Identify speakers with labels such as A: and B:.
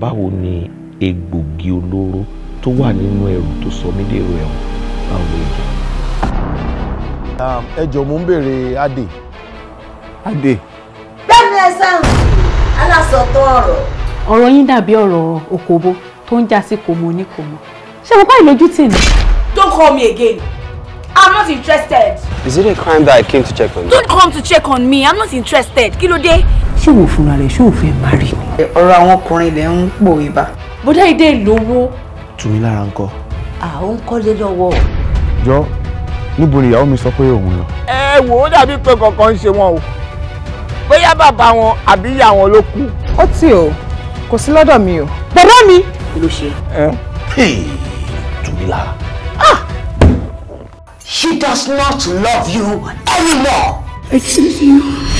A: báwo ni egbògi olóró tó wà nínú ẹrù tó sọ mí dèrò ẹ̀wọ̀n báwo ló um, ẹ jọ̀ọ́ mo ń béèrè adé. adé.
B: bẹ́ẹ̀ni ẹ sáhùn alásọ̀tọ̀ ọ̀rọ̀.
A: ọ̀rọ̀
C: yín dàbí ọ̀rọ̀ òkòbó tó ń já sí kòmò ní kòmò ṣé mo kọ́ ìlójú tì ní.
D: don't call me again i'm not interested.
E: is it a crime that i came to check on you. don't
D: come to check on me i'm not interested kí ló dé ṣé wò fúnra rẹ̀ ṣé ò fẹ́ má rí mi.
E: ọ̀rọ̀ àwọn ọkùnrin
F: lẹ̀ ń pò ibà. bódà ìdè lówó.
G: tùmí lára ń kọ.
F: à ó ń kọ́lé lọ́wọ́.
G: jọ níbo ni ìyàwó mi sọ pé òun lọ.
F: ẹ wò ó dàbí pé kankan ń ṣe wọn o bóyá bàbá wọn àbí ìyá wọn ló kú. ó tì o kò sí lọ́dọ̀ mi o. bàbá mi. kí ló ṣe. tùmí lára. Ah! She does not love you anymore. Excuse you.